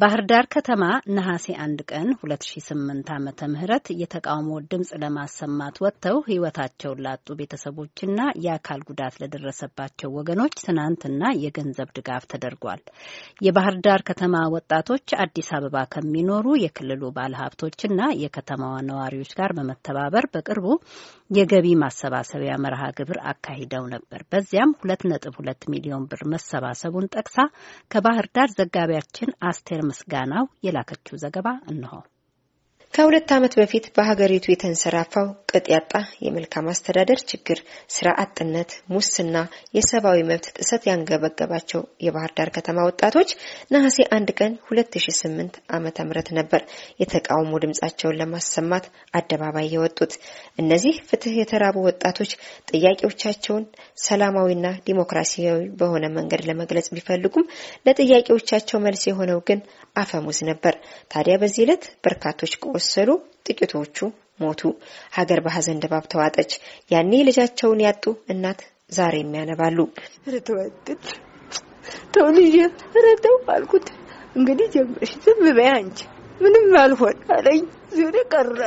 ባህር ዳር ከተማ ነሐሴ አንድ ቀን 2008 ዓመተ ምህረት የተቃውሞ ድምፅ ለማሰማት ወጥተው ሕይወታቸውን ላጡ ቤተሰቦችና የአካል ጉዳት ለደረሰባቸው ወገኖች ትናንትና የገንዘብ ድጋፍ ተደርጓል። የባህር ዳር ከተማ ወጣቶች አዲስ አበባ ከሚኖሩ የክልሉ ባለሀብቶችና የከተማዋ ነዋሪዎች ጋር በመተባበር በቅርቡ የገቢ ማሰባሰቢያ መርሃ ግብር አካሂደው ነበር። በዚያም 2.2 ሚሊዮን ብር መሰባሰቡን ጠቅሳ ከባህር ዳር ዘጋቢያችን አስቴር ምስጋናው የላከችው ዘገባ እንሆ። ከሁለት ዓመት በፊት በሀገሪቱ የተንሰራፋው ቅጥ ያጣ የመልካም አስተዳደር ችግር፣ ስራ አጥነት፣ ሙስና፣ የሰብአዊ መብት ጥሰት ያንገበገባቸው የባህር ዳር ከተማ ወጣቶች ነሐሴ አንድ ቀን 2008 ዓመተ ምህረት ነበር የተቃውሞ ድምጻቸውን ለማሰማት አደባባይ የወጡት። እነዚህ ፍትህ የተራቡ ወጣቶች ጥያቄዎቻቸውን ሰላማዊና ዲሞክራሲያዊ በሆነ መንገድ ለመግለጽ ቢፈልጉም ለጥያቄዎቻቸው መልስ የሆነው ግን አፈሙዝ ነበር። ታዲያ በዚህ ዕለት በርካቶች ቆስ ከታሰሩ ጥቂቶቹ ሞቱ። ሀገር በሀዘን ድባብ ተዋጠች። ያኔ ልጃቸውን ያጡ እናት ዛሬ የሚያነባሉ። ረተወጥት ተውልዬ ረተው አልኩት። እንግዲህ ጀምረሽ ዝም በይ አንቺ ምንም አልሆን አለኝ። ዞሬ ቀረ።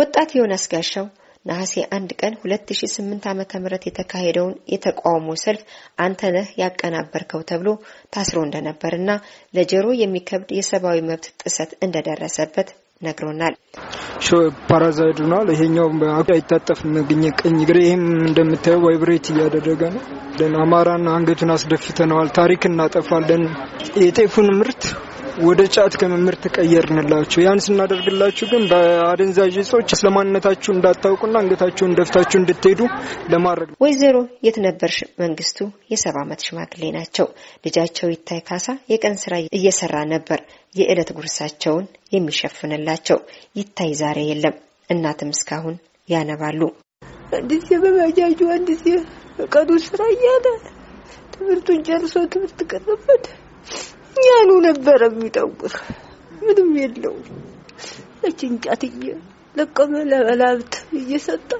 ወጣት ዮናስ ጋሻው ነሐሴ አንድ ቀን 2008 ዓመተ ምህረት የተካሄደውን የተቃውሞ ሰልፍ አንተነህ ያቀናበርከው ተብሎ ታስሮ እንደነበርና ለጆሮ የሚከብድ የሰብአዊ መብት ጥሰት እንደደረሰበት ነግሮናል። ፓራዛይድ ነዋል። ይሄኛው አይታጠፍ ምግኝ ቅኝ ግሬ ይህም እንደምታየው ቫይብሬት እያደረገ ነው። አማራን አንገቱን አስደፍተነዋል። ታሪክ እናጠፋለን። የጤፉን ምር ወደ ጫት ከመምህር ተቀየርንላችሁ። ያን ስናደርግላችሁ ግን በአደንዛዥ እጾች ስለማንነታችሁ እንዳታውቁና አንገታችሁን ደፍታችሁ እንድትሄዱ ለማድረግ ነው። ወይዘሮ የትነበርሽ መንግስቱ የሰባ ዓመት ሽማግሌ ናቸው። ልጃቸው ይታይ ካሳ የቀን ስራ እየሰራ ነበር የዕለት ጉርሳቸውን የሚሸፍንላቸው። ይታይ ዛሬ የለም። እናትም እስካሁን ያነባሉ። አንዲዜ በባጃጁ አንድ ስራ እያለ ትምህርቱን ጨርሶ ትምህርት ቀረበት እኛኑ ነበረ የሚጠጉር ምንም የለውም። ለጭንጫት ለቀመ ለበላብት እየሰጠ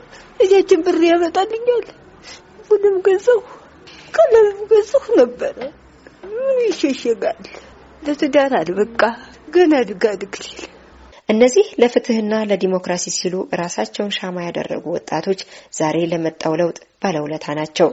እጃችን ብር ያመጣልኛል። ሁሉም ገዛሁ ቀለምም ገዛሁ ነበረ። ምን ይሸሸጋል? ለትዳር አልበቃ ገና ድጋ ድግል ሲል እነዚህ ለፍትህና ለዲሞክራሲ ሲሉ ራሳቸውን ሻማ ያደረጉ ወጣቶች ዛሬ ለመጣው ለውጥ ባለውለታ ናቸው።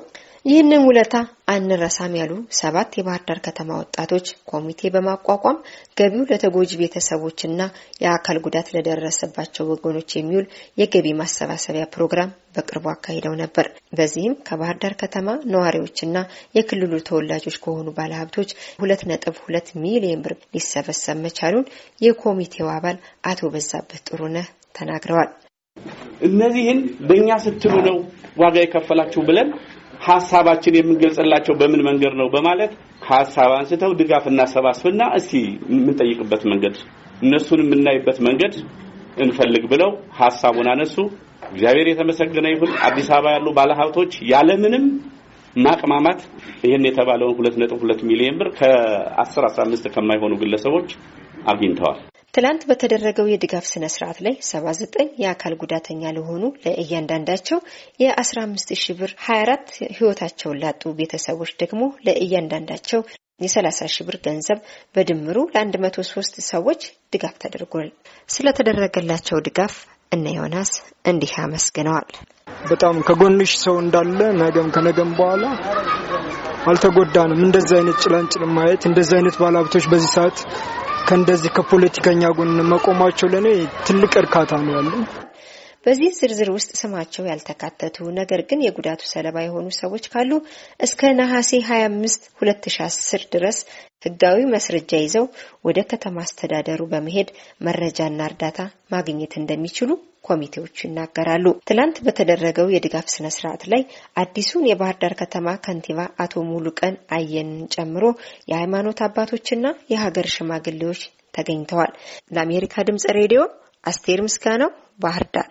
ይህንን ውለታ አንረሳም ያሉ ሰባት የባህር ዳር ከተማ ወጣቶች ኮሚቴ በማቋቋም ገቢው ለተጎጂ ቤተሰቦችና የአካል ጉዳት ለደረሰባቸው ወገኖች የሚውል የገቢ ማሰባሰቢያ ፕሮግራም በቅርቡ አካሂደው ነበር። በዚህም ከባህር ዳር ከተማ ነዋሪዎችና የክልሉ ተወላጆች ከሆኑ ባለሀብቶች ሁለት ነጥብ ሁለት ሚሊየን ብር ሊሰበሰብ መቻሉን የኮሚቴው አባል አቶ በዛብህ ጥሩነህ ተናግረዋል። እነዚህን በእኛ ስትሉ ነው ዋጋ የከፈላችሁ ብለን ሀሳባችን የምንገልጽላቸው በምን መንገድ ነው በማለት ከሀሳብ አንስተው ድጋፍ እናሰባስብና እስቲ የምንጠይቅበት መንገድ እነሱን የምናይበት መንገድ እንፈልግ ብለው ሀሳቡን አነሱ። እግዚአብሔር የተመሰገነ ይሁን። አዲስ አበባ ያሉ ባለሀብቶች ያለምንም ማቅማማት ይህን የተባለውን ሁለት ሚሊዮን ብር ከ አስራ አምስት ከማይሆኑ ግለሰቦች አግኝተዋል። ትላንት በተደረገው የድጋፍ ስነ ስርዓት ላይ 79 የአካል ጉዳተኛ ለሆኑ ለእያንዳንዳቸው የ15 ሺህ ብር 24 ህይወታቸውን ላጡ ቤተሰቦች ደግሞ ለእያንዳንዳቸው የ30 ሺህ ብር ገንዘብ በድምሩ ለ103 ሰዎች ድጋፍ ተደርጓል። ስለተደረገላቸው ድጋፍ እነ ዮናስ እንዲህ አመስግነዋል። በጣም ከጎንሽ ሰው እንዳለ ነገም ከነገም በኋላ አልተጎዳንም። እንደዚህ አይነት ጭላንጭል ማየት እንደዚህ አይነት ባለሀብቶች በዚህ ሰዓት ከእንደዚህ ከፖለቲከኛ ጎን መቆማቸው ለእኔ ትልቅ እርካታ ነው ያለው። በዚህ ዝርዝር ውስጥ ስማቸው ያልተካተቱ ነገር ግን የጉዳቱ ሰለባ የሆኑ ሰዎች ካሉ እስከ ነሐሴ 25 2010 ድረስ ህጋዊ መስረጃ ይዘው ወደ ከተማ አስተዳደሩ በመሄድ መረጃና እርዳታ ማግኘት እንደሚችሉ ኮሚቴዎቹ ይናገራሉ። ትላንት በተደረገው የድጋፍ ስነ ስርዓት ላይ አዲሱን የባህር ዳር ከተማ ከንቲባ አቶ ሙሉቀን አየንን ጨምሮ የሃይማኖት አባቶችና የሀገር ሽማግሌዎች ተገኝተዋል። ለአሜሪካ ድምጽ ሬዲዮ አስቴር ምስጋናው ባህር ዳር